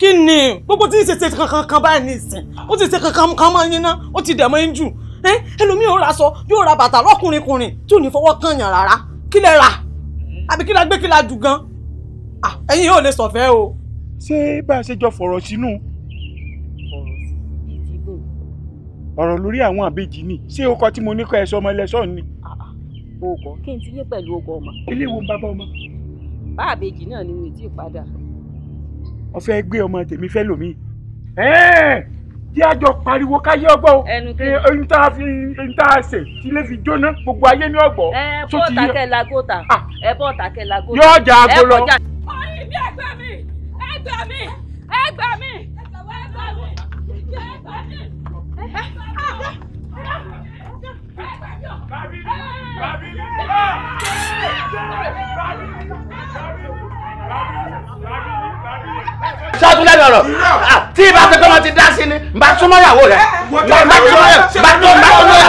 kí ni gbogbo tí ń ṣe ṣe kankan kan báyìí ní ìsìn o ti ṣe kankan kan máa yín ná ó ti dẹ̀mọ́ yín jù ẹ ẹlòmíì ó ra aṣọ yóò ra bàtà lọ́kùnrinkùnrin tí ò ní fọwọ́ kànyàn rárá kí lẹ rà àbí kí la gbé kí la dù gan ẹ̀yin yóò lè sọ̀fẹ́ o. ṣé bá a ṣe jọ fọ̀rọ̀ sínú ọ̀rọ̀ lórí àwọn àbejì ni ṣé o kọ tí mo ní kọ ẹ̀ṣọ́ ọmọ ẹlẹ́ṣọ́ ni. oògùn kí n ti lé pẹ̀lú oògùn ọmọ. ilé wo bàbá ọmọ. bá àbejì náà ni mi ì tí ì padà ọ̀fẹ́ gbé ọmọ tèmi fẹ́ lòmíì kí a jọ pariwo káyé ọgbọ́ o n ta fi n ta ṣe tí lè fi jóná gbogbo ayé ní ọgbọ́. ẹ bọ́ takẹ́ la gòtà ah. ẹ bọ́ takẹ́ la gòtà. yóò jà agbo lọ. orí mi ẹgbẹ́ mi ẹgbẹ́ mi ẹgbẹ́ mi ẹgbẹ́ mi ẹgbẹ́ mi. Babi! Babi! Babi! Babi! sọkún lẹ́nu ọ̀rọ̀ ah, tí ìbá tẹ́kọ́ wọn ti dá sí ni bá súnmọ́ ìyàwó rẹ̀ bá súnmọ́